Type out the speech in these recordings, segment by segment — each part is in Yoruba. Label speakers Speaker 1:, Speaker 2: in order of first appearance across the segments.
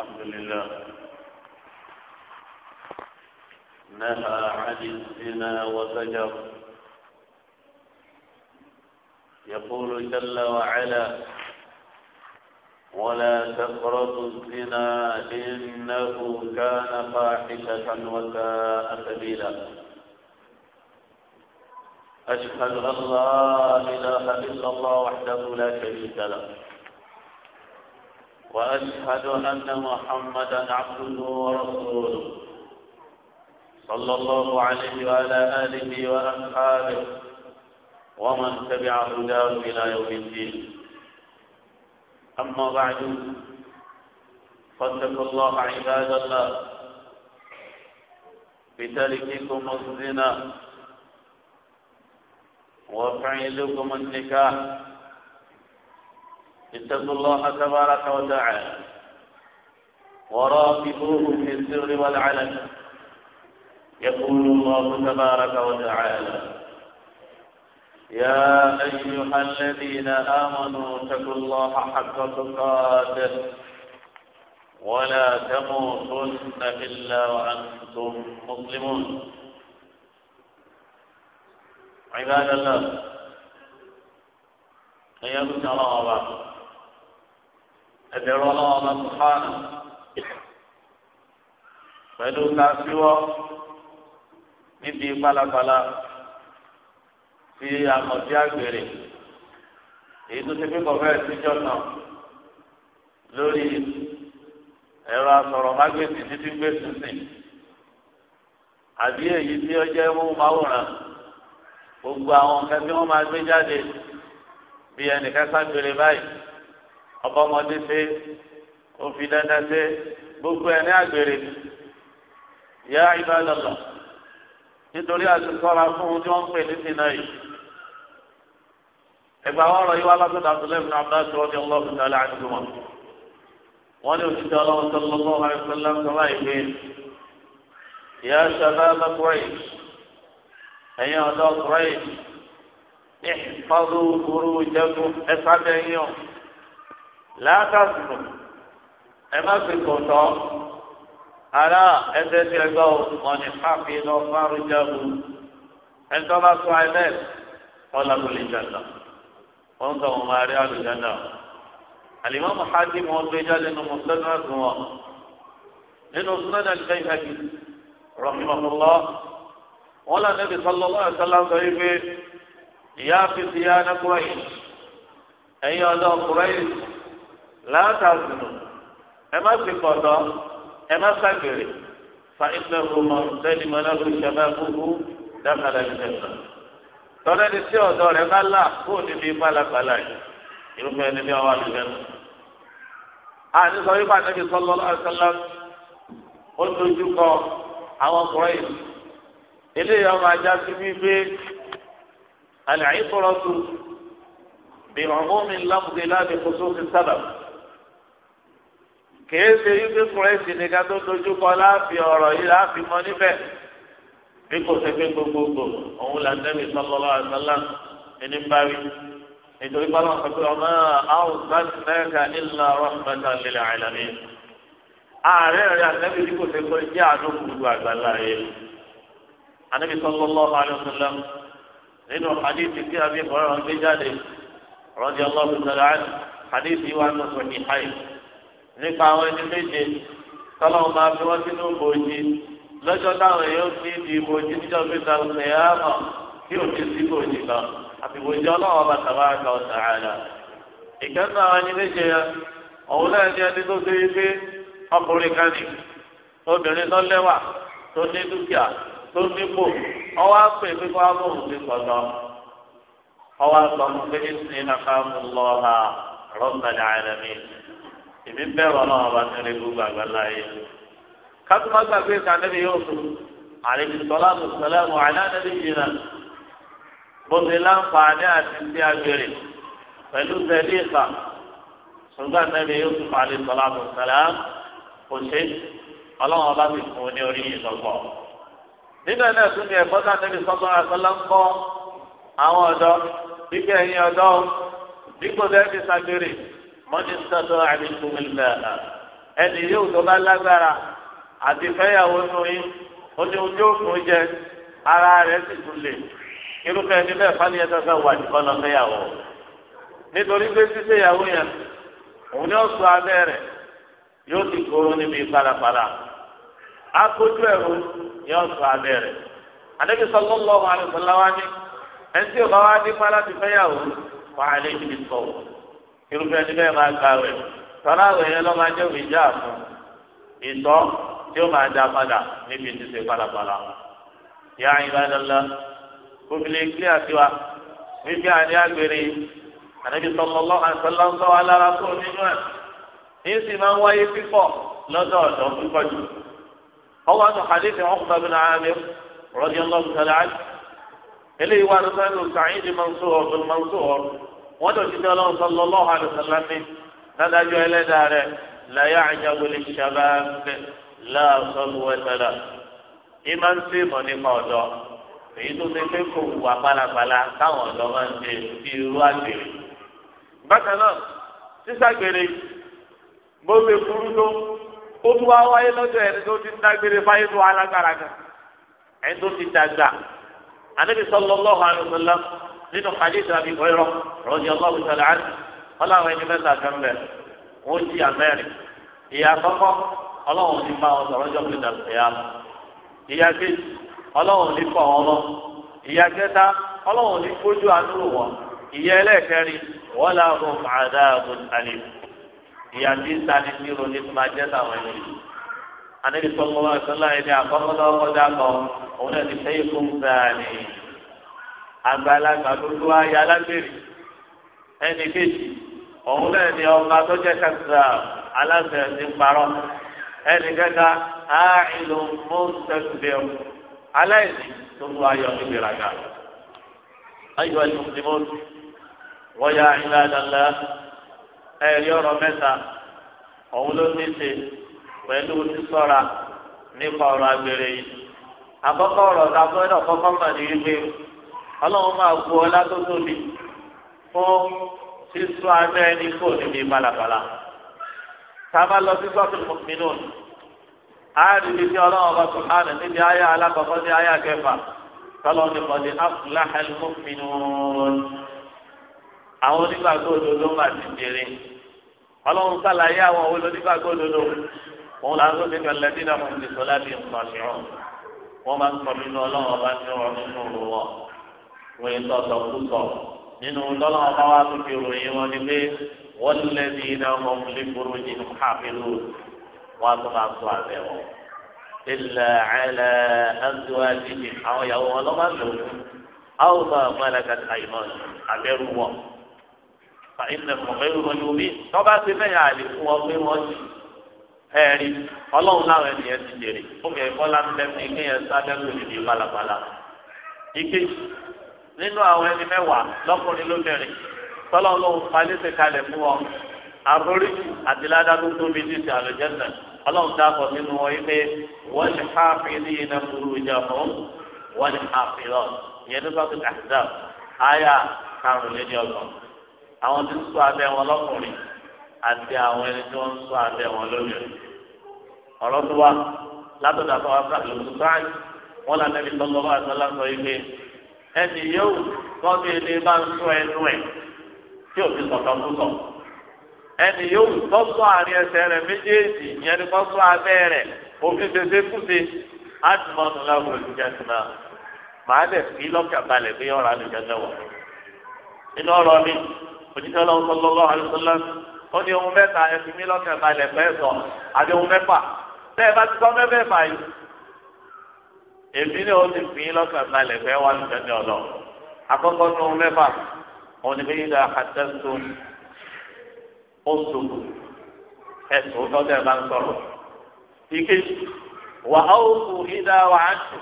Speaker 1: الحمد لله نهى عن الزنا وفجر يقول جل وعلا ولا تقربوا الزنا إنه كان فاحشة وساء سبيلا أشهد أن لا إله إلا الله وحده لا شريك له وأشهد أن محمدا عبده ورسوله صلى الله عليه وعلى آله وأصحابه ومن تبع هداه إلى يوم الدين أما بعد فاتقوا الله عباد الله بترككم الزنا وفعلكم النكاح اتقوا الله تبارك وتعالى وراقبوه في السر والعلن يقول الله تبارك وتعالى يا أيها الذين آمنوا اتقوا الله حق تقاته ولا تموتن إلا وأنتم مسلمون عباد الله قيام الله ẹ̀bẹ̀rù ọlọ́wọ́ ọba sùpáànù pẹ̀lú káfíwọ́ níbi pálapàla ti àmọ̀tí àgbèrè èyí tó ti pípọ̀ fẹ́ẹ̀ síjọ́ náà lórí ẹ̀rọ asọ̀rọ̀mágbèsì títí gbèsè sí àbí èyí tí ó jẹ́ móhùnmáwòrán gbogbo àwọn nǹkan tí wọ́n máa gbé jáde bí ẹnìkan ságbèrè báyìí ọkọ ọmọdé ṣe òfin dandan ṣe gbogbo ẹ̀ ní àgbèrè ni ìyá ìbálòlò nítorí àtúntọ́ra fún un tí wọ́n ń pè ní sinna yìí ẹgbà ọ̀rọ̀ yìí wà látọ̀dọ̀ Abdullahi bin Abbas rọdí Allahu ta'ala anhu wọn wọn ní òṣìṣẹ́ Ọlọ́run sallallahu alaihi wasallam sọlá ìgbé ìyá sábàbà kúrẹ́yì ẹ̀yin ọ̀dọ́ kúrẹ́yì ìfọdù kúrú jẹ́kù ẹ̀fà bẹ́ẹ̀ yàn látàsùnù ẹ má fi kò tọ́ ara ẹsẹ̀ tí ẹ gbọ́ ọ̀nì káfí lọ fárú jáde ẹ tọ́ bá sọ ẹ bẹ́ẹ̀ ọ̀làkùnrin jàdà wọ́n tọ̀ wọ́n máa rí àlùjáde àlìmọ́ mọ̀hájì wọn gbé jáde nínú mùsùlùmí ọ̀sùn wọn nínú sunan al-bayhaqi rahimahullah wọn lọ níbi sallallahu alaihi wasallam sọ yìí ìyá fi ti yá ẹnẹ ẹ̀yin ọ̀dọ́ kúrẹ́yìn láàtàzùnù ẹ má sì kọ̀dọ̀ ẹ má sàgbèrè fa ìfẹ́ ọmọ sẹ́ni mọ́lẹ́rù ìṣẹ̀lẹ̀ gbogbo dákàlà ìṣẹ̀lẹ̀ tọ́lẹ́ ní sí ọ̀dọ́ rẹ̀ bá là kó o níbi balabala yìí irúfẹ́ ẹni bí ọwọ́ àlùfẹ́ nù. àti sọ wípé àtẹ́bí sọ́lọ́ àṣọlá ó dojú kọ àwọn ọkùnrin yìí eléyìí ọmọ ajá sí wípé àlàyé tọrọ tu bí ọmọ mi lámùdé láti kótó fi sábà kìí ṣe yíké kúrẹ́sì nìkan tó dojú kọ láàfin ọ̀rọ̀ yìí láàfin mọ́ níbẹ̀ bí kò ṣe pé gbogbogbò òun là ń dẹ́bi sọ́lọ́lọ́ àṣálà ẹni bá rí nítorí bá wọn sọ pé ọmọ àwọn gbàgbẹ́ka ìlà rọ́pẹ́tà lílẹ̀ àìlàmí. ààrẹ rẹ̀ àtẹ́bí bí kò ṣe pé jẹ́ àánú gbogbo àgbàlá rẹ̀. ànábi sọ́lọ́lọ́ àlùsọ̀lá nínú àdìsí tí a fi fọ́ọ̀rọ̀ nípa àwọn ẹni méje tọ́lọ́wọ́n máa fi wọ́n sínú bòjì lọ́jọ́ táwọn èèyàn fi di bòjì níjọ́ fi ta ìyáàmọ̀ tí òjì sí bòjì lọ àti ọlọ́wọ́ bá tàbá ka ọ̀sà àlà. ìkẹ́sọ̀ àwọn ẹni méje yẹn òun náà ní ẹni tó ṣe é ọkùnrin kan ní obìnrin tó lẹ́wà tó ní dúkìá tó nípò ọwọ́ àpè pé kó ti ọwọ́ mú èmi bẹ̀rù ọlọ́run ọba tẹ̀lé gbogbo àgbàlá yìí kátùmá gbàgbé ìsànẹ́bí yóò fún àlejò sọlá mùsùlùmí àwọn àlànàbí yìí náà bó ti láǹfààní àti ti agbèrè pẹ̀lú tẹ̀lé ìfà ṣùgbọ́n àtẹ̀lé yóò fún àlejò sọlá mùsùlùmí kò ṣe ọlọ́run ọba mi fún un ní orí ìsọ̀gbọ̀ nígbà náà tún ní ẹ̀kọ́ sàtẹ́lé sọ́kọ́ àtọ́lá ń kọ́ àwọn ọ̀dọ́ bíkẹ́ mọ́tí sọ́tọ́ àdínkù ilẹ̀ ẹni yóò tó bá lágbára àti fẹ́yàwó nù yín ó ní ojú òkun jẹ ara rẹ̀ sì tún lè irúfẹ́ ẹni bẹ́ẹ̀ fani ẹ̀ka fẹ́ wà nìkan lọ fẹ́yàwó nítorí pé sísèyàwó yẹn òun yóò sọ abẹ́ rẹ̀ yóò ti kóró níbi akójú ẹ̀rú yóò sọ abẹ́ rẹ̀ ẹni tí bá wá láti fẹ́yàwó wà á lè irúfẹ́ ní bẹ́ẹ̀ máa gba àwẹ̀ tọ́lá àwẹ̀ yẹn lọ́ máa jẹ́ òmìnira fún ìtọ́ tí ó máa dá padà níbi ìdíje pàlàpàlà. Yá ìbádọ́lá kófìlẹ̀ ìkílẹ̀ àti wa wípé àní àgbèrè ànábi sọlọ́lọ́ àtọ́lọ́sọ́ alára kúrò nínú ẹ̀. Yín sì máa ń wáyé pípọ̀ lọ́dọ̀ ọ̀dọ́ púpọ̀ jù. Ọwọ́ àti Hadith Ọ̀kùnrin bin Amir rọ́dí ọlọ́run tẹ̀lé àjù. Eléyìí wà lọ́sọ̀rọ̀ Sa'id wọ́n tó ti dọ́lọ́ sallallahu alaihi wasallam dádájọ́ ẹlẹ́dàá rẹ̀ la ya'jabu lish-shabab la salwata lahu ìmọ̀ ń sè mọ̀ nípa ọ̀dọ́ èyí tó ti pé kò wà pálapàla táwọn ọ̀dọ́ máa ń ṣe bí irú àgbèrè. bákan náà sísàgbèrè bó ṣe tó ó tún wá wáyé lọ́jọ́ ẹni tó ti ń dágbére fáyé tó alágbára kan ẹni tó ti dàgbà Ànábì sallallahu nínú hadith àbí ìwéèrọ rọjò ọlọ́run sọlá àti ọlọ́run ẹni mẹ́ta kan bẹ̀ wọ́n jí amẹ́rin ìyá àkọ́kọ́ ọlọ́run ní bá wọn sọ̀rọ̀ jọ pé dàbí ẹ̀yà ìyá kejì ọlọ́run ní fọ wọn lọ ìyá kẹta ọlọ́run ní fojú àánú wọn ìyá ẹlẹ́ẹ̀kẹrin wọ́n là ń fún àdáàbùn àlè ìyá tí ń sani ní ronú tó máa jẹ́ táwọn ẹni àníbi sọ́kọ́ wọn sọ́lá àgbàlagbà tó tó ayé alágbèrè ẹnì kejì òun náà ni ọba tó jẹ kẹsà aláṣẹ ti parọ ẹnì kẹta àìlò mọ́tẹ́sílẹ̀ aláìsí tó tó ayé onígbèraga ayọ̀ ẹni mùsùlùmí wọ́n yá ilé àdàlá ẹ̀rí ọ̀rọ̀ mẹ́ta òun ló ní ṣe pẹ̀lú sísọ́ra nípa ọ̀rọ̀ àgbèrè yìí àkọ́kọ́ ọ̀rọ̀ ọ̀dà gbọ́dọ̀ kọ́kọ́ mọ̀ ní wípé ọlọ́run máa gbọ́ ọlá tó tóbi fún sísọ abẹ́ ẹni kò níbi balabala sábà lọ sí sọ́ọ̀tún mọ́mìnún àárín ibi ọlọ́run ọba sùhánù níbi ayé alákọ̀ọ́kọ́ sí ayé akẹfà tọ́lọ́ ní kọ́ni afúláhàlì mọ́mìnún àwọn onígbàgbọ́ òdodo máa ti jèrè ọlọ́run sàlàyé àwọn onígbàgbọ́ òdodo òun làwọn tó ti kàn lẹ́sìn náà fún ìsọ̀lá bíi nǹkan mìíràn wọ́n máa ń sọ wọ́n yìí lọ́sọ̀ púpọ̀ nínú lọ́nà ọba wa tó fi ròyìn wọn ni pé wọ́n lé ní iná wọn lé kúrò ní káfíńlù wọn tó máa tó àbẹ̀ wọn. ilẹ̀ ẹlẹ́ ẹ̀dùnwá jíjì àwọn ìyàwó wọn lọ́wọ́ lò ó àwọn ọmọ ọmọlẹ́ka àyìnbọn abẹ́rù wọn. fàyínlẹ̀ mọ̀mẹ́rù wọn ló bí tọ́ba ti mẹ́yà àlè fún wọn pé wọ́n ti ẹ̀rí ọlọ́run láwọn ènìyàn ti jèrè ó kẹ́ ẹ̀kọ́ láńbẹ́ nínú àwọn ẹni mẹ́wàá lọ́kùnrin lóbìnrin tọ́lọ́ lóhùn palẹ́sẹ̀ kalẹ̀ fún ọ àròrí àti ládàbò tóbi ní ti àlùjẹ́sẹ̀ ọlọ́run dáàbọ̀ nínú wọn yìí pé wọ́n lè ha fi ní iná burú ìjà fún wọ́n lè ha fi lọ ìyẹn ní sọ́kì àyà karùnléní ọgbọ̀n àwọn tí ń sọ abẹ́ wọn lọ́kùnrin àti àwọn ẹni tí ń sọ abẹ́ wọn lóbìnrin ọ̀rọ̀ tó wá látọ̀dọ̀ àfọwọ́sà lóṣù báyìí wọ́n ẹnì yóò tọ́jú ilé bá ń sọ ẹnu ẹ̀ tí òbí sọ̀tọ̀ tó sọ. ẹnì yóò tọ́jú àárín ẹsẹ̀ rẹ̀ méjèèjì ìyẹn ni kọ́ sọ abẹ́ rẹ̀ òfin fèsè kùsè ádùmọ̀nù láwùjọ ìjẹsìn náà màá dẹ̀ fi lọ́kà balẹ̀ bí ọ̀rọ̀ àlùjọ náà wọ̀. inú ọ̀rọ̀ mi òjijì ọlọ́run sọlọ́lọ́ àlùsọ́lá ó ní ohun mẹ́ta ẹ fi mí lọ́kà balẹ̀ fẹ́ sọ àbí ohun mẹ́fà bẹ́ẹ̀ bá ti sọ mẹ́fẹ̀ẹ́fà yìí èmi ni ó ti fi yín lọ́kàn balẹ̀ fẹ́ wá lùdẹ́ ní ọ̀dọ́ akọ́kọ́ ní ohun mẹ́fà òun ni bí yíyá àtẹ́sọ oṣù ẹ̀sùn tọ́jú ẹ̀ bá ń sọ̀rọ̀ ìkejì wà á oṣù yíyá wà á tù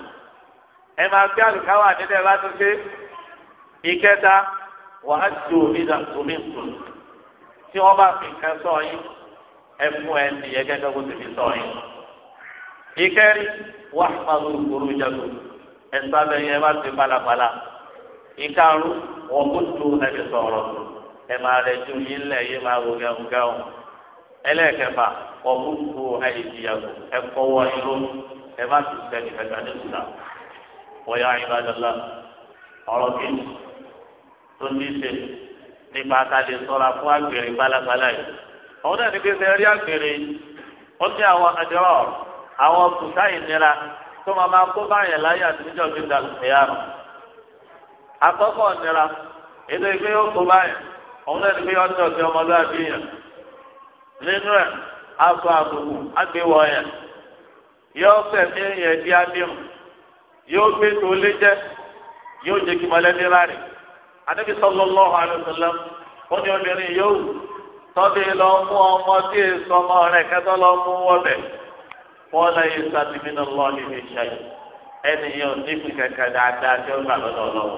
Speaker 1: ẹ máa fi àlùkáwà nílẹ̀ bá tún ṣe ìkẹta wà á tù yíyá tómi tù tí wọ́n bá fi nǹkan sọ yín ẹ fún ẹ nìyẹn gẹ́gẹ́ bó ti fi sọ yín ìkẹrin wà pàrọ òkúrú jago ẹsọ abẹ yẹn má ti balabala ìkarùn wọn kò tó ẹni sọ̀rọ̀ ẹ máa rẹ ju yín lẹ yín máa wò gẹhùngẹhùn ẹlẹ́ẹ̀kẹfà wọn kò tó ẹni ìyàgò ẹ kọwọ irú ẹ má ti sẹni kẹta ní ìsúná wọ́n yá ìbádọ́lá tó ní í nípa akalẹ̀ sọ́ra fún àgbèrè balabala yìí ọ̀hún náà ní pé sẹ́yìn rí àgbèrè ó ní àwọn àjọrọ̀ àwọn kùtà ìnira tó máa máa kó báyẹn láyé níjọ bí dàgbéyà rẹ̀ akọ́kọ́ ìnira ètò ìgbé yóò kó báyẹn òun náà ní pé ọjọ́ ti ọmọlúwàbí yẹn nínú àbùkù yẹn yóò fẹ̀mí yẹn di ábíọ̀mù yóò gbé tó lé yóò kí obìnrin yóò lọ mú ọmọ tí èso ọmọ lọ mú wọ́n lọ yẹ sábì mí náà lọ́ọ́ níbi iṣẹ́ yìí ẹni yẹn ò ní ìpìkẹ́ kẹ́kẹ́ dáadáa tí ó lọ́dọ̀ lọ́wọ́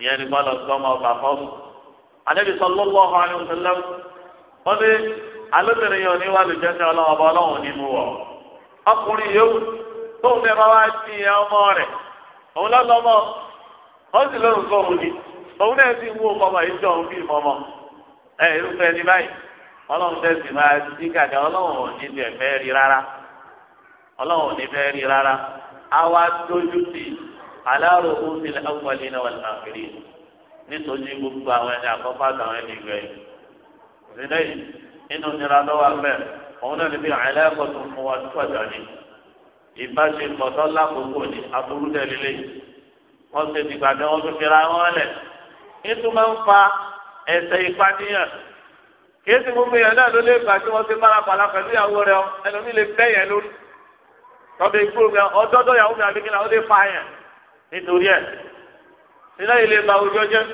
Speaker 1: ìyẹn ni wọ́n sọ ọmọ ọba fọ́ọ̀mù. àdébí sọ lọ́wọ́ ọ̀hún àyè òṣèlú wọ́n ní alóbìnrin òun náà ọlọ́run ò ní fẹ́ rí rárá àwa tójú sí aláàrò òfin ọ̀pọ̀lì náà wà láàkiri nítorí gbogbo àwọn ẹni àkọ́kọ́ àtàwọn ẹni ìgbẹ́yìn. ìdílé yìí nínú nira lọ́wọ́ abẹ́ òun náà níbi àìlẹ́kọ̀ọ́ tó fún wa tó ọ̀dà ni ìbáṣepọ̀ tó lákòókò ní aburú tẹ̀lélẹ̀ wọ́n ṣe dìgbà tí wọ́n tún fi ra wọn lẹ̀ nítorí máa ń fa ẹ̀ṣẹ̀ ìpànìyàn kí èsì gbogbo yẹn náà ló lè gbà tí wọ́n ti mára pàlà pẹ̀lú ìyàwó rẹ̀ ẹlòmíì tọ́bẹ̀ ìgboro mi ọdọ́dọ́ yàwó mi àbí kíni ọdẹ fa yẹn nítorí ẹ̀ nílá yìí lè ba òjò jẹ́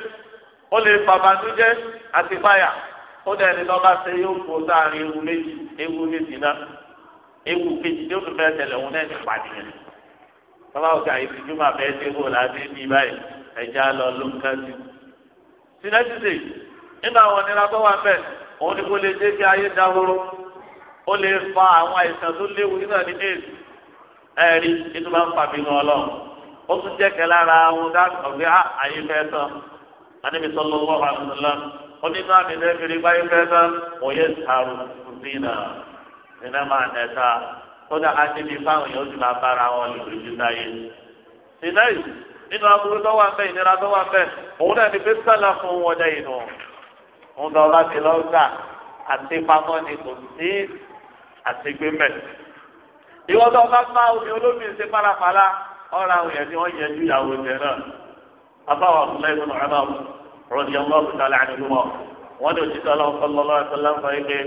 Speaker 1: ó lè ba bàtújẹ́ àti fàyà ó dẹ̀ ní lọ́ba ṣe yóò kó sáàrin ewu méjì ewu méjì náà ewu kejì tí ó tún fẹ́ tẹ̀lé òun náà ti pàdé yẹn tọ́ba òkè àyèsí júmọ̀ bẹ́ẹ̀ ṣe kó láti bí báyìí ẹ̀já lọ ló ń kájú. sinẹ́tìsì nínú àwọn onírà tó wà bẹ́ẹ̀ òun ni kò lè jẹ́ kí ayé dahoro ó lè fa àwọn àìsàn tó léwu nínú àdínẹ́sì ẹ̀rí nínú bá ń fa bínú ọlọ́run ó tún jẹ́ kẹ́ lára àwọn dáàbò pé á ah, àyè fẹ́ tán anábì sọ́lọ́ wọ́n àdúrà ó ní náà mi fẹ́ fèrè báyìí fẹ́ tán òye sàrò zina zina máa nẹ̀ta kódà á ti di fáwọn èèyàn ó sì máa bára wọn lò lójú táyé. zina yìí nínú aburú tó wà bẹ́ẹ̀ ìnira tó wà bẹ́ẹ̀ òun náà ni pé sálà fún wọn inú òun lọ́ọ́ bá ti lọ́ọ́ gbà àti pamọ́ ni kò sí àti gbé mẹ́ẹ̀ ìwọ tó bá bá omi olómi ṣe pálapàla ọ̀rọ̀ àwọn yẹn ni wọ́n yẹ ju ìyàwó jẹ náà abáwọ̀ ọ̀sùnlẹ̀ ìbùnú ọ̀rọ̀ rọ̀dí ọlọ́ọ̀bù tàlẹ́ àdìgúnmọ̀ wọ́n ní òṣìṣẹ́ ọlọ́ọ̀kọ́lọ́lọ́ ẹ̀sọ́lá ń fa ike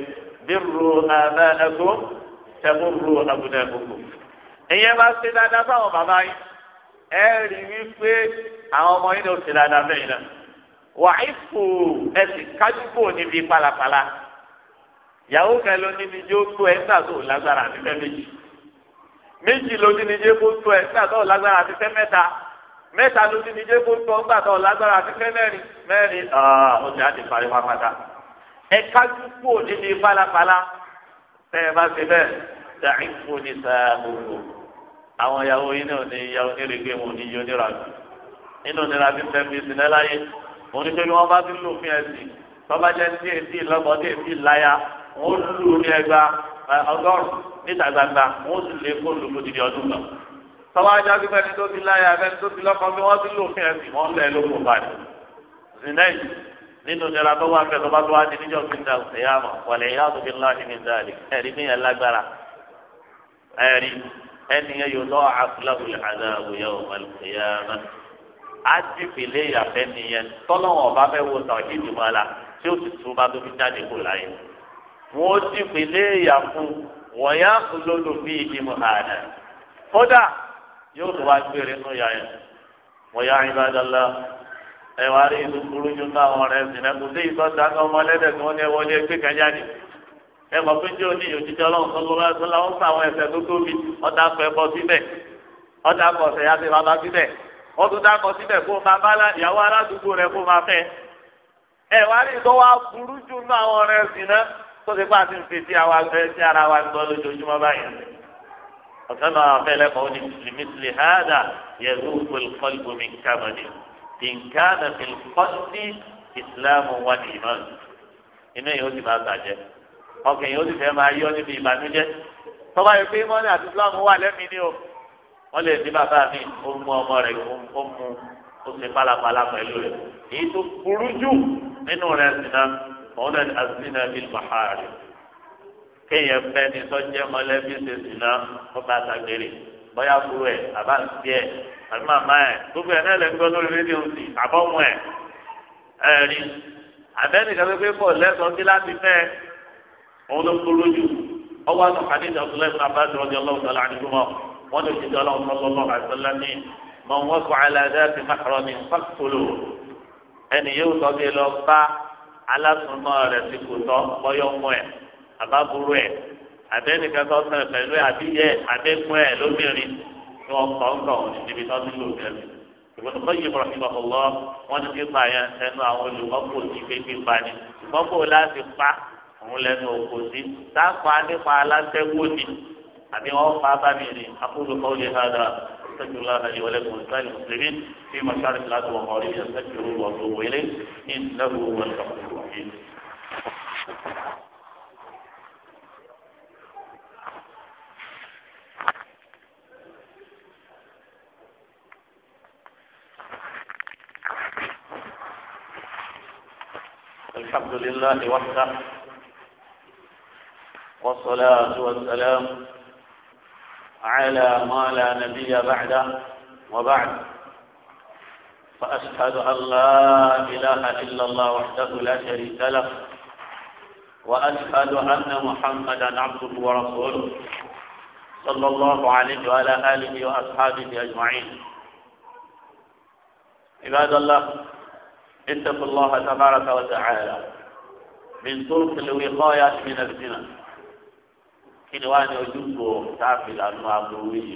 Speaker 1: bírú àbẹ́ ẹ̀kú tẹ́bùrú àbùdá ẹ̀kú. ìyẹn bá ṣe dáadáa fáwọn bàbá yìí ẹ rí wípé àwọn ọmọ yìí ni ṣe dáadáa bẹ́ẹ̀ náà. wà á fò ẹsìn kájúbò níbi pálapàla yàwó kẹlẹ́ oníbi jó ẹ̀ ń gbà lágbára níbẹ̀ méjì méjì ló ní níjẹ́ kó tó ẹ̀ nígbà tó lágbára àti fẹ́ mẹ́ta mẹ́ta ló ní níjẹ́ kó tó nígbà tó lágbára àti fẹ́ mẹ́rin mẹ́rin ọjà ti parí wá padà. ẹ kájú kú òní ní falafala tẹ ẹ bá ṣe bẹ́ẹ̀ dàrí fún ní sàgbòrò àwọn ìyàwó yìí náà ní ìyàwó nírègbè wọn ní yóò nira jù nínú nira bí fẹ́ bí sinẹ́ láyé òní pé wọ́n bá ti lò ẹ̀sìn tọ́bajẹ́ wọn ó lù ní ẹgba ọgọ́rùn níta gbangba wọn ó sì lè kó lùkú dìde ọdún kan tọ́wọ́ ajá gbígbẹ́ ní tó fi láyà abẹ́ni tó fi lọ́kọ́ bí wọ́n ti lò fún ẹ̀sìn wọ́n lẹ̀ ló kó báyìí zinẹ́yì nínú ìjọba tó wà fẹ́ lọ́ba tó wá di níjọ́ fi ń da ìyáàmọ̀ wàlẹ̀ ìyá tó fi ńlá ní mi dáàlì ẹ̀rí mi yẹn lágbára ẹ̀rí ẹni yẹn yóò lọ́ àfúláwù àdá àwòyẹ òmàlùkìyàmẹ́ àdìpìlẹ̀ ìyàfẹ́ nìyẹn tọ́lọ́wọ̀n ọba fẹ́ wo sàwọ́jì ìdìbò àlà tí ó sì tún bá tó fi jáde kó láyé. wọn ó ti pèlè ìyà fún wọn yá olódò bí kódà yóò tó wá gbére nù yà yẹn wọn yá ìbádọlá ẹwà rí inú burú ju táwọn ọ̀rẹ́ ìsìnlẹ kò sí wọ́n ní ní ẹgbẹ́ ẹ mọ̀ pé òjijì ọlọ́run tó lọ́wọ́ ẹ̀sán láwọn fún àwọn tó tóbi síbẹ̀ bàbá síbẹ̀ wọ́n tún dákọ̀ síbẹ̀ kó máa tó ti pa àti fi sí àwa gbẹ sí ara wa gbọ́ lójoojúmọ́ báyìí ọ̀sán náà fẹ́lẹ́ kọ́ ní mùsùlùmí hàdà yẹ̀rù olùkọ́lùkọ́ mi kàmọ́ni tìǹkàdà fìlùkọ́sí ìsìlámù wà ní ìmọ̀ inú yìí ó ti máa bàjẹ́ ọkàn yìí ó ti fẹ́ máa yọ níbi ìbànújẹ́ tọ́ba yìí pé mọ́ni àti ìsìlámù wà lẹ́mìí ni o wọ́n lè ní bàbá mi ó mú ọmọ rẹ̀ ó mú ó ṣe pálapàla pẹ̀lú rẹ̀ èyí tó burú jù nínú rẹ̀ sí náà òun náà ni azina bíi mahari kéèyàn fẹ́ ni sọ́jẹ́ mọ́lẹ́bí ṣe zina kó bá sagbèrè bóyá kúrò ẹ̀ àbá sí ẹ̀ àbí màmá ẹ̀ gbogbo ẹ̀ náà lẹ́gbẹ́ lórí rédíò sí àbọ̀mù ẹ̀ ẹ̀ rí àbẹ́nìkan pé pọ̀ lẹ́sọ̀ọ́ sí láti fẹ́ òun ló kúrò jù ọwọ́ àti hadith abdullahi bin abbas rọ̀jò ọlọ́run sọ̀rọ̀ àdìgúnmọ́ wọn wọ́n kọ́ àlàdé alásùnmọ́ rẹ̀ ti kò tọ́ bọ́yọ̀mọ́ ẹ̀ àbábúrú ẹ̀ àbẹ́nìkan tó sẹ̀ pẹ̀lú àbíyẹ àbẹ́kùn ẹ̀ lóbìnrin tí wọ́n kọ́ ń kọ́ níbi tó ti lò jẹ́ ìgbọ́dọ̀ kọ́ yìí bọ̀rọ̀ nípa ọ̀lọ́ wọn ti pípa yẹn ẹnu àwọn olùkọ́kọ́ ti fi pípa ni ìkọ́kọ́ láti pa òun lẹ́nu òkò sí sáàpá nípa aláṣẹ́wó ni àbí wọ́n fa bámi ni akólukọ́ lè ha dà الله لي ولكم ولسائر المسلمين في مشارق الارض ومغاربها استغفروه واتوبوا اليه انه هو الغفور الحمد لله وحده والصلاة والسلام على ما لا نبي بعده وبعد وأشهد أن لا إله إلا الله وحده لا شريك له وأشهد أن محمدا عبده ورسوله صلى الله عليه وعلى آله وأصحابه أجمعين عباد الله اتقوا الله تبارك وتعالى من طرق الوقاية من الزنا كنوان وجوده تعفل عن معبويه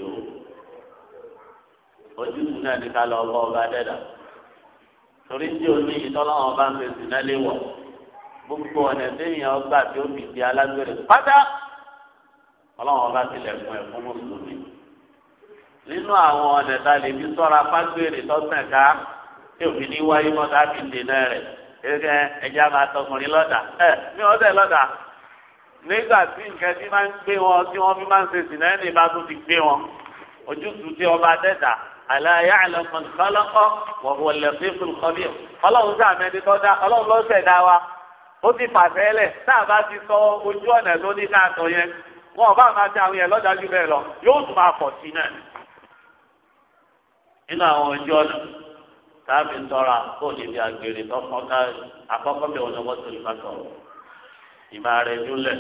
Speaker 1: وجودنا لك على الله بعد ذلك torí tí o ní ìtọ́lọ́wọ́n bá ń fẹ́ sí náà léwọ̀ gbogbo ọ̀nà téèyàn ọgbà tí ó fi di alágbèrè pátá ọlọ́wọ́n bá tilẹ̀ fún ẹ̀ fún mùsùlùmí nínú àwọn ọ̀nà tá a lè fi sọ́ra fágbèrè tọ́sán ká tí òfin ní wáyé mọ́ tá a fi dènà rẹ̀ ẹ̀kẹ́ ẹja máa tọkùnrin lọ́dà ẹ̀ mi ò tẹ̀ lọ́dà nígbà tí nǹkan tí máa ń gbé wọn tí wọ́n fi máa ń ṣe sìnẹ́ẹ̀nì bá ala ya'lam man khalaqa wa huwa al-latif al-khabir ọlọ́run sí àmẹ́ni tó dá ọlọ́run ló ṣẹ̀dá wa ó ti fàṣẹ lẹ̀ tá a bá ti sọ ojú ọ̀nà tó ní ká sọ yẹn wọn ò bá máa ti àwọn yẹn lọ́dájú bẹ́ẹ̀ lọ yóò tún máa pọ̀ sí náà nínú àwọn ojú ọ̀nà táàbì ń tọ́ra kó lè fi àgbèrè tọ́kàn ká àkọ́kọ́ bí wọn lọ́wọ́ tó ìfà ìmọ̀ rẹ̀ dúlẹ̀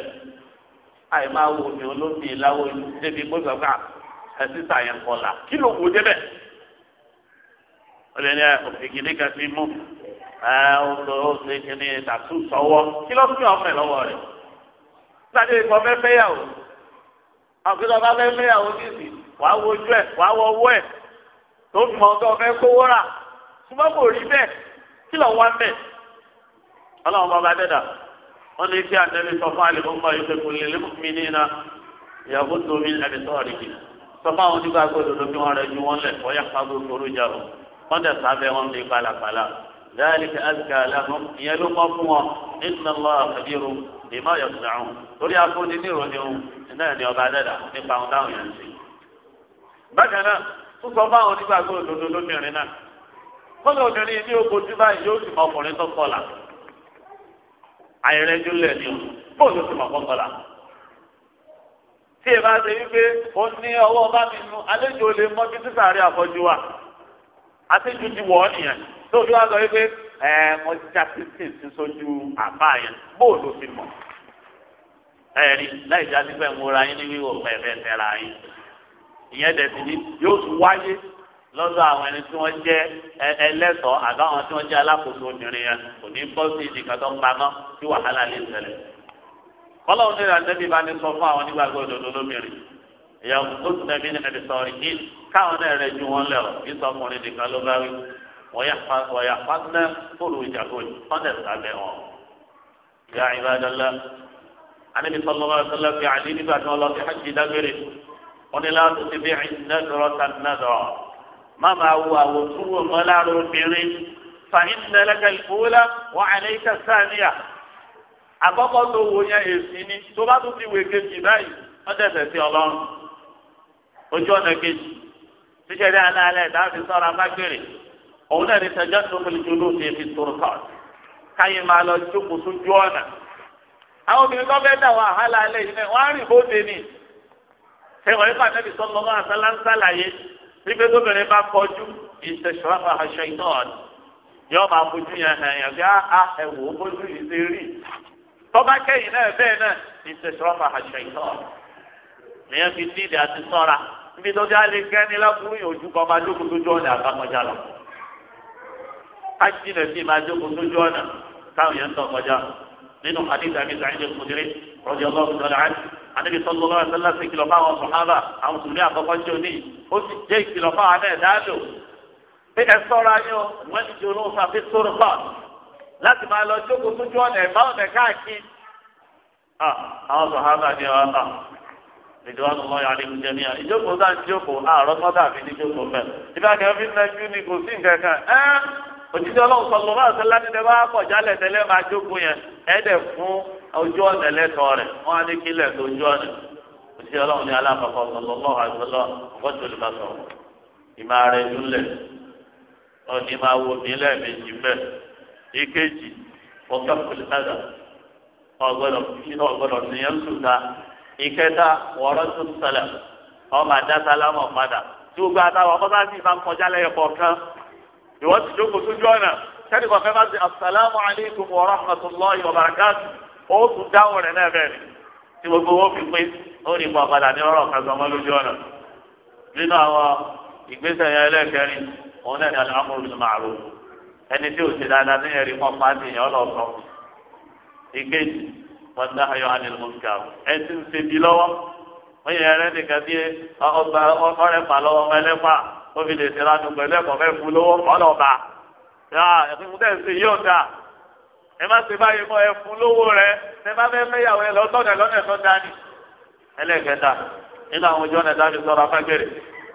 Speaker 1: àì máa wo mi olómi ìláwó débi gbọ́dọ̀ kọlà kí ló wò débẹ̀ ọlẹ́ ní ìkíní kan ti mú ọ̀sọ̀ ọ̀sẹ̀ ìkíní tàtú sọ́wọ́ kí ló fi ọ̀fẹ́ lọ́wọ́ rẹ̀ láti ìkọ́ fẹ́ fẹ́yàwó àkùtọ̀ bá fẹ́ fẹ́yàwó nísì wàá wojú ẹ̀ wàá wọ owó tó fi mọ̀ ọ́tọ́ fẹ́ kówó rà ṣùgbọ́n kò rí bẹ́ẹ̀ kí lọ́ wá bẹ́ẹ̀ ọlọ́run bá bá dẹ́dà ní kí àtẹ́lẹ́ sọ fún àlẹ́ fún báyìí pé lè lé mi ní iná ìyàwó tó mi ní àdìsọ́ọ̀rì kì sọ fún àwọn onígbàgbọ́ òdodo kí wọ́n rẹ̀ ju wọn lẹ̀ wọ́n wọ́n dẹ̀ sábẹ́ wọn lè balabala dáàlìkà àzìkà aláhùn ìyẹn ló mọ́ fún wọn nínú lọ́ àkàbírù ìmọ̀ yọ̀sùnàrùn lórí afúnni ní ìròyìn ohun náà ni ọba dẹ́dà nípa ohun táwọn yẹn ń ṣe. bákan náà ó sọ fáwọn onígbàgbọ́ òdodo lómìnirin náà kọ́lọ̀ obìnrin ní oko tí báyìí yóò sì mọ ọkùnrin tó kọlà àìrẹ́jú lẹ̀ ni o bóòlù tí ẹ wípé ó ní ọwọ́ bá mi nu àlejò lè mọ bí sísàárẹ̀ àfọ́jú wa àtijọ́ ti wọ̀ ọ́ nìyẹn tó fi wá sọ wípé ẹ mo já títì sí sójú àbá yẹn bóòlù ti mọ̀ ẹ̀rí láì já sí pé mo ra yín ní wíwò pẹ̀fẹ́ tẹ̀ra yín ìyẹn dẹ̀ ni yóò tún wáyé lọ́dọ̀ àwọn ẹni tí wọ́n jẹ́ ẹlẹ́sọ̀ọ́ àbáwọn tí wọ́n jẹ́ alákòóso obìnrin yẹn kò ní bọ́ sí ìdìkan tó ń pamọ́ tí wàhálà lè tẹ̀lé kọ́lọ́hún ní ìrànlẹ́bí bá ní sọ fún àwọn onígbàgbọ́ òdòdó lómìnir káwọn náà rẹ ju wọn lẹ ọ bí sọkùnrin nìkan ló bá wí wọ̀yà fásitì fóònù ìjàgòjì ọ̀dẹ̀ sábẹ́ wọn. ìyá ìbádọ́lá anábì sọ́lọ́ bá sọ́lọ́ fi àlè nígbà tí wọ́n lọ sí hajj dágbére wọn ni láti ti bí ìnádọ́rọ́ ta nádọ́rọ́ má máa wo àwọn túwò mọ́láàrú obìnrin fàyín nẹlẹ́kẹ̀ ìfowóla wọ́n àlẹ́ ìkà sáníyà àkọ́kọ́ tó wo yẹn èsì ni tó bá tún ti wèé kejì báyìí ọ̀dẹ̀ tẹ̀sí ọlọ́run ojú ọ̀nà kejì ṣíṣe dé alẹ́ dáàbí sọ́ra mágbèrè òun náà ní sẹ́jọ́ tó fi jùlọ sí fi tòrótọ́ káyé máa lọ jókòó sójú ọ̀nà. àwọn obìnrin kan fẹ́ dà wàhálà alẹ́ yìí náà wọ́n á rìn bóde ni. ṣé wọ́n yípa nẹ́bí sọ́mọ́ máa sálánsálàyé wípé gómìnà bá kọjú ìṣẹ̀ṣọ́fà aṣọ ìtọ́ọ̀nù yóò máa fojú yẹn hàn yàn bí a ẹ yìí ṣe rí. tọ́ba kẹ́yìn náà bẹ́ẹ̀ náà ìṣẹ̀ṣọ́fà aṣọ ìtọ́ọ̀nù níbi tó dá lé gẹ́ni lábúrú yìí ojú kan máa jókòó sójú ọ̀nà àbámọ́já lọ. ájínà sí máa jókòó sójú ọ̀nà táwọn yẹn ń tọ̀ kọjá nínú àdìsá mi sàyẹn lè kúndìrí rọjò ọlọ́run tó dáa àdìbí sọ́dún ọlọ́run sẹ́lá sí kìlọ̀ fáwọn sọ̀hábà àwọn sùnmí àkọ́kọ́ tí ó ní ó sì jẹ́ ìkìlọ̀ fáwọn abẹ́ ìdíwájú lọ́ọ́ yà nínú jẹ́ níyà ìjókòó sáà ń jókòó àárọ̀ sọ́dà àfi ní jókòó fẹ́ ìgbà kẹ́ fi nàjú ni kò sí nǹkan kan ẹ́ òjijì ọlọ́run sọ̀rọ̀ bá àṣẹ ládìdẹ bá pọ̀ jálẹ̀ tẹ́lẹ̀ máa jókòó yẹn ẹ̀ẹ́dẹ̀ fún ojú ọ̀nà ẹlẹ́tọ̀ rẹ̀ wọ́n á ní kílẹ̀ tó ojú ọ̀nà òjijì ọlọ́run ní aláàbàkọ sọ̀rọ̀ àṣọlọ́ ọgọ́tò lè bá ìkẹta wọ̀rọ̀ tó sẹlẹ̀ ọmọ àdásálámọ̀ padà tí gbogbo àtàwọn ọmọdé bá ń kọjá lẹ́yìn kọ̀ọ̀kan ìwọ́n ti jókòó sójú ọ̀nà sẹ́ni kọ̀ọ̀kan bá ti asalaamu aleykum wa rahmatulahi wa barakatu ó tún dáhùn rẹ̀ náà bẹ́ẹ̀ tí gbogbo wọn fi pé ó rí bọ̀ padà ní ọ̀rọ̀ kan sọmọ lójú ọ̀nà nínú àwọn ìgbésẹ̀ yẹn ẹlẹ́kẹrin òun náà ní alámúrú ní màrú ẹni tí ò ti dáadáa ní ẹ̀rí mọ́ pàtì yẹn ọlọ́ọ̀tọ̀ ìkejì wọn dá ayọ alẹ lọkà ẹ ti ń ṣe bí lọ́wọ́ wọn yẹ ẹrẹ nìkan bí ọba ọrẹ pa lọ́wọ́ ọmọ ẹlẹfà ó fi lè ṣe lánàá pẹ̀lú ẹ̀kọ́ fẹẹ fún lọ́wọ́ ọlọba yà ẹfún tẹ ṣe yóò dà ẹ má ṣe báyìí mọ ẹ fún lọ́wọ́ rẹ ẹ má fẹẹ fẹyàwó ẹ lọsọdẹ lọnà tó dání ẹlẹgẹta nínú àwọn ojú ọ̀nà ìdájọ́ sọ̀rọ̀ afẹ́gbèrè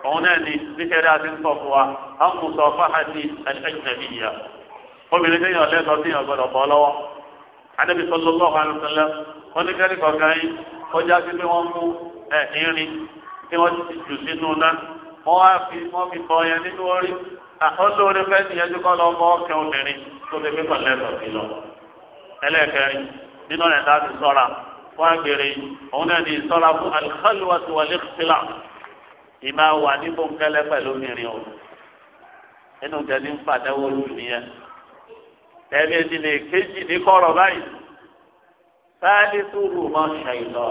Speaker 1: òun náà ni níṣẹ́rẹ́ àti ń sọ wa àwọn mùsọ̀ fáhàdì ẹ̀ẹ́dẹ́gbẹ̀rẹ̀ yìí yà obìnrin téèyàn lẹ́tọ̀ọ́ téèyàn gbọ́dọ̀ bọ́ lọ́wọ́ anabi sallallahu alaihi wasallam wọn ní kẹrin kọkàn yìí kọjá sí pé wọn mú ẹ irin tí wọn ti jù sínú náà wọn á fi wọn fi bọ yẹn nínú orí àkọsóore fẹẹ nìyẹn tó kọ lọ mọ ọkẹ obìnrin tó fi pípọ̀ lẹ́tọ̀ sí lọ ẹlẹ́kẹrin nínú ẹ̀ láti sọ́ra wọn á gbèrè òun náà ní sọ́ra fún alikaliwa tó wà lẹ́kùtìlá ìmáa wà ní bòńkẹ́lẹ́ pẹ̀lú mìíràn o inú gẹ̀ẹ́dì ń pàtẹ́wọ́ lù nìyẹn ẹ̀ẹ́dẹ́gbẹ̀sì lè kéjì ní kọ́rọ̀ báyìí sáàdì túrù mọ́ ṣàìlọ́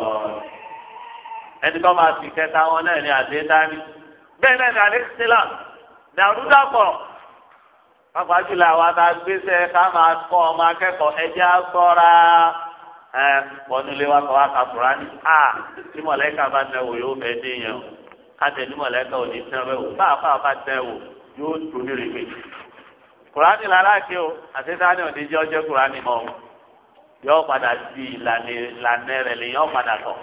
Speaker 1: ẹni kọ́ máa fi kẹta wọn náà ní àdé dání bẹ́ẹ̀ náà ní àdé sílá dàrúdàpọ̀ pàápàá jùlọ àwọn àtàgbèsè ká máa kọ́ ọmọ akẹ́kọ̀ọ́ ẹjẹ́ àgbọ́ra ẹ pọnulé wa kọ́ wa kà Kùránì a tí mọ̀lẹ́kà bá tẹ̀ wò yóò fẹ́ dín yẹn o ká tẹ̀ ní mọ̀lẹ́kà ò ní tẹ̀ wò bá bá tẹ̀ wò yóò tó ní rèé Kurani làlákè o àti sáni òdíjẹ́ ọjọ́ kùránì mọ́ o yọ padà di ìlànà rẹ̀ lè yọ padà tọ̀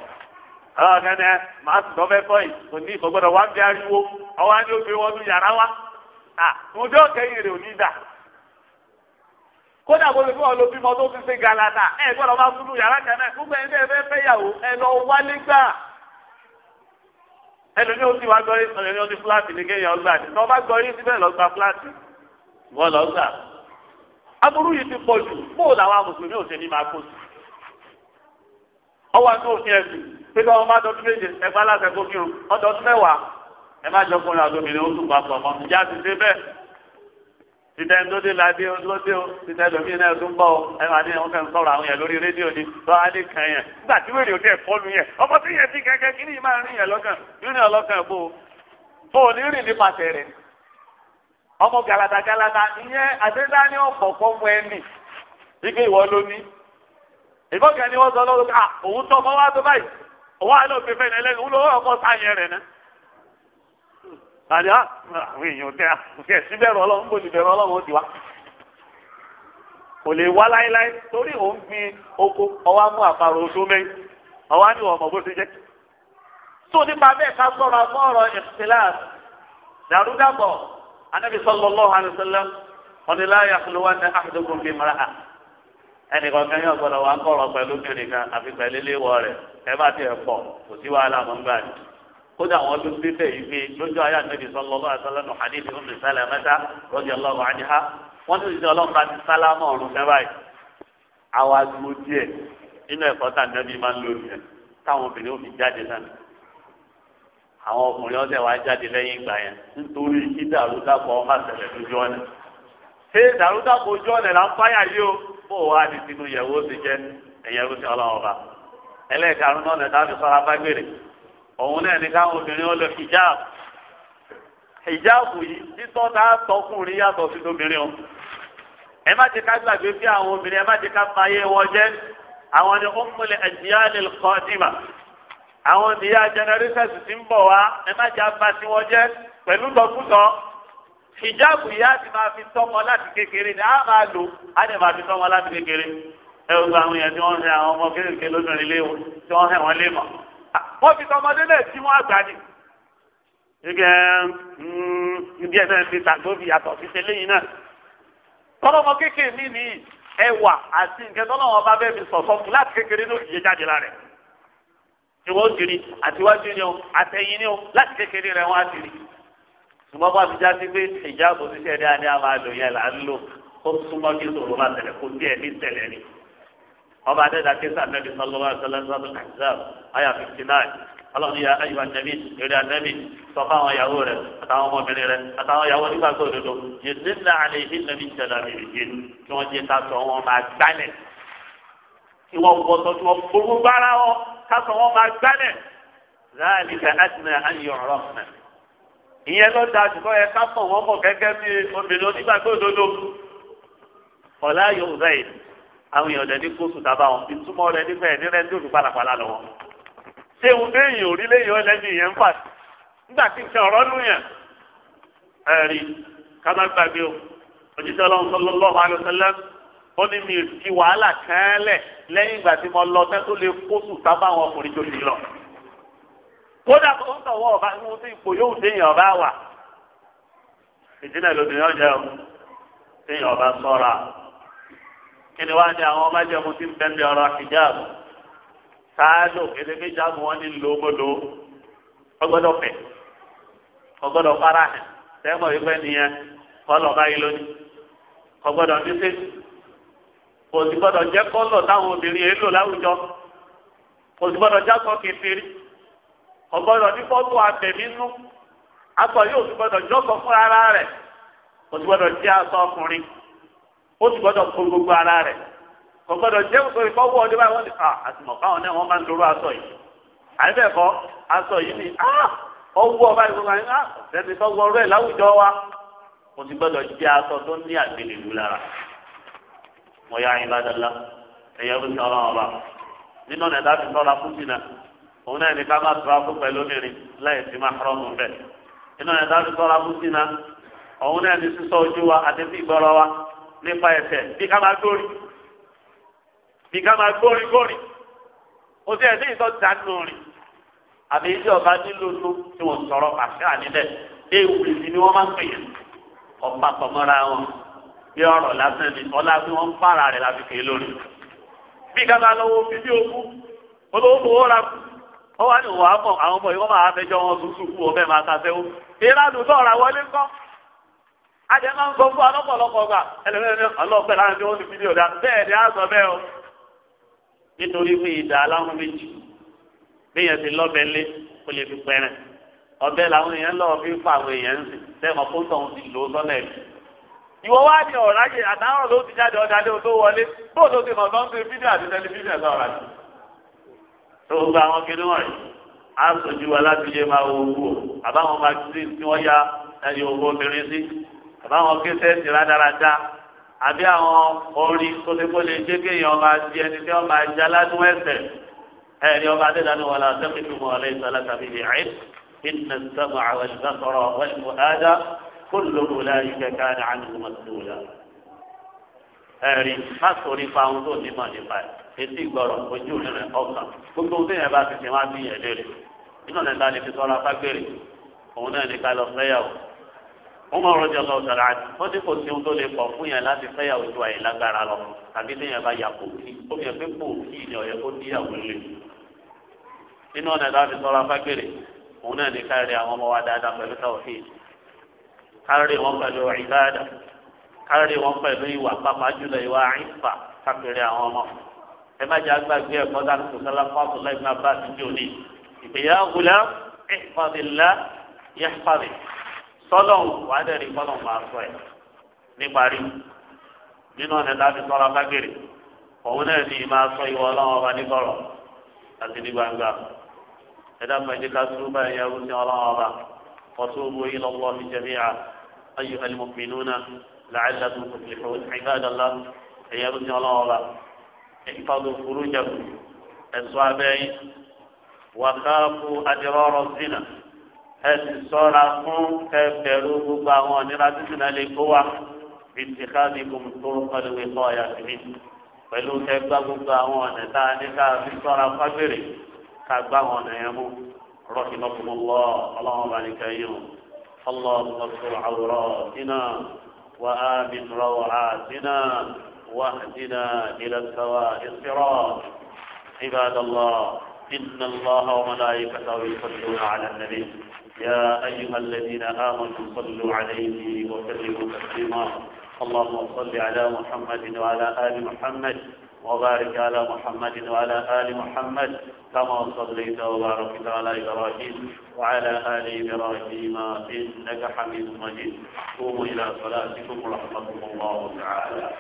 Speaker 1: ọlọ́wọ́ kẹ́kẹ́ màá tún tọ́ fẹ́ kọ́ yìí kò ní ìfọgbọ́dọ̀ wá bí ariwo ọwọ́ á ní ó gbé wọn ní yàrá wa mo jẹ́ òkèyìn rẹ̀ ò ní dà kódà bó ti fún ọ ló bímọ tó fi ṣe galata ẹ gbọ́dọ̀ máa fún un yàrá kan náà gbogbo ẹni tẹ́ fẹ́ fẹ́ yàwó ẹ lọ wálé gbà ẹlòmíì ó ti wá gbọ́ ẹlòmíì ó ti fúláàtì ní kéèyàn gbà ní tọ́ bá gbọ́ yín síbẹ̀ lọ gba fúláàtì wọ́n lọ gbà aburú yìí ti pọ̀ jù bóò làwọn mùsùlùmí ò ṣe ní máa kó sí ọwọ́ àti òfin ẹ̀sìn pé kí wọ́n má dọ́tún méje ẹgbẹ́ aláṣẹ kó kí o wọ́n dọ́tún mẹ́wàá ẹ má jọ kọrin àtòmìnira títẹ ń ládé o lóde o títẹ lómi náà tó ń bọ o ẹ máa ní wọn fẹ́ àwọn yẹn lórí rédíò ni lọ adé kan yẹn nígbà tí wèrè òde ẹ̀kọ́ lu yẹn ọmọ tí yẹn ti kẹ́kẹ́ kí ni ìmáà rìn yẹn lọ́kàn rírìn ọlọ́kàn bò ó bò ó ní rìn nípasẹ̀ rẹ̀ ọmọ gàlàdàgàlàdà ìyẹn àdéhà ni ọ̀pọ̀ pọ̀ mọ ẹni ike ìwọ ló ní ìbọ̀kẹ́ ni wọ́n sọ lọ́wọ́ ká òun tó ọmọ wa tó báyìí òun àlọ́ òfin fẹ́ ẹlẹ́nu òun lọ́wọ́ ọkọ sáyẹn rẹ̀ náà. àdìá àwọn èèyàn tẹ́ àfẹ́ síbẹ̀rù ọlọ́run bó ti bẹ̀rù ọlọ́run ó ti wá. kò lè wá láéláé torí òun gbin oko ọwọ́ mú àparò oṣù mẹ́yìn ọwọ́ á ní ọmọ bó ti jẹ́. tó nípa bẹ́ẹ̀ ká sọ̀rọ̀ fọ́ọ̀rọ̀ ìṣẹ̀lá dàrúdàpọ̀ anabi sallallahu alayhi wa sallam ọni láyà fúlùwà ní àdókùn bíi mìíràn ẹnì kankan yóò gbọ́dọ̀ wà kọrọ pẹ̀lú obìnrin kan àfi pẹ̀lú iléwọ rẹ ẹ bá tiẹ̀ pọ̀ kò sí wàhálà mọ gbà ní. kódà wọn tún bí bẹ́ẹ̀ yìí pé lójú ayé anabi sallallahu alayhi wa sallam hadith Ummu Salamah radiyallahu anha wọn tún ti Ọlọ́run bá ti sálámà ọrùn fẹ báyìí. àwa gbó díẹ̀ inú ẹ̀kọ́ tà àwọn ọkùnrin ọ̀sẹ̀ wa jáde lẹ́yìn ìgbà yẹn nítorí kí dàrúdàpọ̀ ọmọ àtẹ̀lẹ̀ lójú ọ̀nà. ṣé dàrúdàpọ̀ ojú ọ̀nà là ń fáyà yìí o bó o wá ní tinú yẹ̀wò ó ti jẹ́ ẹ̀yẹ rúṣẹ́ ọlọ́run ọba. ẹlẹ́ẹ̀karùn náà nẹ̀ta fi sọ́ra fagbèrè òun náà ní káwọn obìnrin ó lọ hijab. hijab yìí títọ́ tá a tọkùnrin yàtọ̀ sí tóbìnrin o. ẹ má ti ká gbàgbé bí àwọn obìnrin ẹ má ti ká fàyè wọn jẹ́ àwọn ni ó ń múlẹ̀ ẹ̀díyàn àwọn ìyá generations ti ń bọ̀ wá ẹ má jà bá tiwọn jẹ́ pẹ̀lú lọ́kùtọ̀ hijab ìyá ti máa fi tọ́mọ láti kékeré ni a máa lò á dẹ̀ máa fi tọ́mọ láti kékeré ẹ o gba àwọn yẹn tí wọ́n ń hẹ àwọn ọmọ kéékèèké lóbìnrin lé wọn tí wọ́n hẹ wọ́n lé mọ̀ wọ́n fi tọmọdé náà tí wọ́n àgbà ni. ibi mm, ẹ ibi ẹ náà ti tàgbóbi yàtọ̀ sí tẹ́lẹ̀yìn náà tọ́lọ́mọ kéékèèké mi nìyí ẹwà àti nǹkan tọ́lọ́mọ bá bẹ́ẹ̀ fi sọ̀sọ́ tí wọ́n ti rí àtiwájú ni o àtẹ̀yìn ni o láti kékeré rẹ̀ wọ́n á ti rí. ṣùgbọ́n bá mi já sí pé ìjáàbò ṣiṣẹ́ dáadáa máa lò yẹn là ń lò ó súnmọ́ kí sòrò máa tẹ̀lé kó díẹ̀ ní tẹ̀lé ni. ọba adẹ́dà kéésà nẹ́bí sọlọ́wọ́ àtẹlẹ́sọ́tò àìsàn àyà fifty nine ọlọ́run ya ayiwa nẹ́bí eré anẹ́bí sọ fún àwọn ìyàwó rẹ̀ àtàwọn ọmọbìnrin rẹ̀ àtàwọn ìyàwó nígbà tó dodo yìí nílẹ̀ àlẹ́ ìhìn nẹ́bí ìṣẹ̀lẹ̀ àmì ìjìn kí wọ́n jẹ́ ká sọ wọn máa gbálẹ̀ tí wọ́n wọ́tọ́ tí wọ́n gbogbo bára wọn kásán wọn máa gbálẹ̀ láàlì ká àdìmọ̀ àyè ọ̀rọ̀ mọ̀. ìyẹn ló da àdìgbò yẹn kápọ̀ wọn mọ̀ gẹ́gẹ́ bí obìnrin onígbàgbọ́ òdodo. ọ̀la yóò rẹ̀ yìí àwọn èèyàn lẹ́ni kóṣù dábà wọn ìtumọ̀ rẹ̀ nípa ẹ̀ nílẹ̀ ní olùpalàpalà lọ́wọ́. ṣé òun déyìn òrílẹ̀ yìí ìyẹn ń fà nígbà tí nǹkan ọ̀rọ̀ nù yẹn. ẹ̀rí ká má o òjíṣẹ́ ọlọ́run sọ́lọ́lọ́ ó ní mi fi wàhálà kan lẹ̀ lẹ́yìn ìgbà tí mo lọ sẹ́tò lè kó sùtá báwọn ọkùnrin tó ti lọ. kódà tó ń tọ̀wọ́ ọba ní oṣù ipò yóò déyàn ọba wà. ìdílé lóbìnrin ọjà o déyàn ọba sọ́ra. kí ni wàá ní àwọn ọba jẹun tí ń bẹ́ mi ọ̀rọ̀ hijab. sáájò kédeké jáàmù wọn ní lóbodò ọgbọ́dọ̀ fẹ̀ ọgbọ́dọ̀ fara hàn sẹ́mọ̀ ìfẹ́ nìyẹn kọ́ báyìí lónìí ọgbọ́dọ̀ ní sẹ́yìn. kò sì gbọdọ̀ jẹ́ kọ́lọ̀ táwọn obìnrin èlò láwùjọ kò sì gbọdọ̀ jákọ́ kékeré kò ní fọ́tò asọ yóò sì gbọdọ̀ fún ara rẹ kò sì gbọdọ̀ jẹ́ ọkùnrin ó sì gbọdọ̀ kó gbogbo ara rẹ kò gbọdọ̀ jẹ́ ọdún báyìí wọ́n ti àtìmọ̀ káwọn náà wọ́n mọ ya yín ládàlá ẹyẹ bí sọ Ọlọ́run ọba nínú ọ̀nà ìdájọ́ sọ́ra fún jìnnà òun náà ní ká má tura fún pẹ̀lú obìnrin láì sí máa rọ́ọ̀mù bẹ́ẹ̀ nínú ọ̀nà ìdájọ́ sọ́ra fún jìnnà òun náà ní sísọ ojú wa àti sí ìgbọ́rọ̀ wa nípa ẹsẹ̀ bí ká máa gbórí bí ká máa gbórí gbórí o sì ẹ̀sìn ìtọ́ dánú rìn àbí ilé ọba nílò tó tí wọ́n sọ̀rọ̀ pàṣẹ ànílẹ̀ ewu ìdí bí ọ̀rọ̀ lásán ni ọlá tí wọn ń fara rẹ láti fi lórí bí kàkà lọ́wọ́ bíbí òkú olówó fowó ra kú ó wá ní ìwà àmọ́ àwọn ọmọ yìí wọn máa fẹjọ́ wọn tuntun kú ọbẹ máa sàṣẹ ó ìlànà tó ọ̀rọ̀ wọlé ńkọ́ ajẹ máa ń gbọ́ fún ọlọ́pọ̀lọpọ̀ gbà ẹlẹmẹlẹ ọlọpẹ láti fi wọn ti fídíò dá bẹ́ẹ̀ ni a sọ bẹ́ẹ̀ o nítorí pé ìdá aláwọn méjì bíyẹn ti lọbẹ lé kó lè fi pẹrẹ ọbẹ làwọn èèyàn lọ fi fa àwọn èèyàn ń sìn ìwọ wá ní ọ̀rá yẹ àtàwọn ló ti jáde ọjà lé tó wọlé bó ló ti kàn tó ń fídíò àti tẹlifíṣàn sọ̀rọ̀ àti. tó o gba àwọn kiri wọ̀nyí á sojú wa láti yé máa wo owó àbáwọn magazine tí wọ́n ya ẹni owó obìnrin sí àbáwọn kẹsẹ̀tì rádaràda àbí àwọn orin tó ti kó lè jẹ́ kéèyàn máa di ẹni tí wọ́n máa já ládùn ẹ̀sẹ̀ ẹ̀rí ọba adédáni wọlé àtẹ́kùnrin mọ́ kólo wòlá ìjẹ káàdì ànúmọ̀tòwòlá. ẹ̀rí má a ipa ohun tó nímọ̀ nípa ẹ̀ etí gbọ́rọ̀ ojú rẹ̀ ọkàn gbogbo ohun téèyàn bá ti ṣe wá bí ẹ̀lẹ́ rẹ̀ nínú ọ̀nà ìlànà ìfi sọ́ra fagbèrè kárí wọn pẹ̀lú ìbáàdà kárí wọn pẹ̀lú ìwà pápá jùlọ ìwà àìfà kápẹ̀rẹ̀ àwọn ọmọ ẹ má jẹ́ agbágbé ẹ̀kọ́ dáná kò sálá fáwọn ọ̀la ìgbà bá ti di òní ìgbéyàwó wùlá ìfàdìlá yẹfàdì sọlọ wàá dẹ̀rí kọ́nà máa sọ ẹ̀ níparí nínú ọ̀nà láti sọ́ra kágbèrè òun náà ní máa sọ ìwọ ọlọ́wọ́ ọba nígbọ̀rọ̀ àti ní gbangba ẹ̀dá mẹ́jẹ ká sùúrù báyìí ẹrú sí ọlọ́wọ́ ọba. وتوبوا إلى الله جميعا أيها المؤمنون لعلكم تفلحون عباد الله يا رجل الله احفظوا فروجكم الصعبين وخافوا أدرار الزنا ẹsì sọ́ra fún ẹgbẹ̀rún gbogbo àwọn ọ̀nìyàn láti sìn náà lè kó wa ìtìkáàdì kò tó pẹ̀lúwé kọ́ ọ̀yà sílẹ̀ pẹ̀lú ẹgbà gbogbo àwọn ọ̀nà tá a ní ká fi sọ́ra fágbèrè ká gbá àwọn ọ̀nà yẹn mú. رحمكم الله اللهم عليك أيهم اللهم اغفر عوراتنا وآمن روعاتنا واهدنا إلى السواء الصراط عباد الله إن الله وملائكته يصلون على النبي يا أيها الذين آمنوا صلوا عليه وسلموا تسليما اللهم صل على محمد وعلى آل محمد وبارك على محمد وعلى آل محمد كما صليت وباركت على إبراهيم وعلى آل إبراهيم إنك حميد مجيد قوموا إلى صلاتكم ورحمة الله تعالى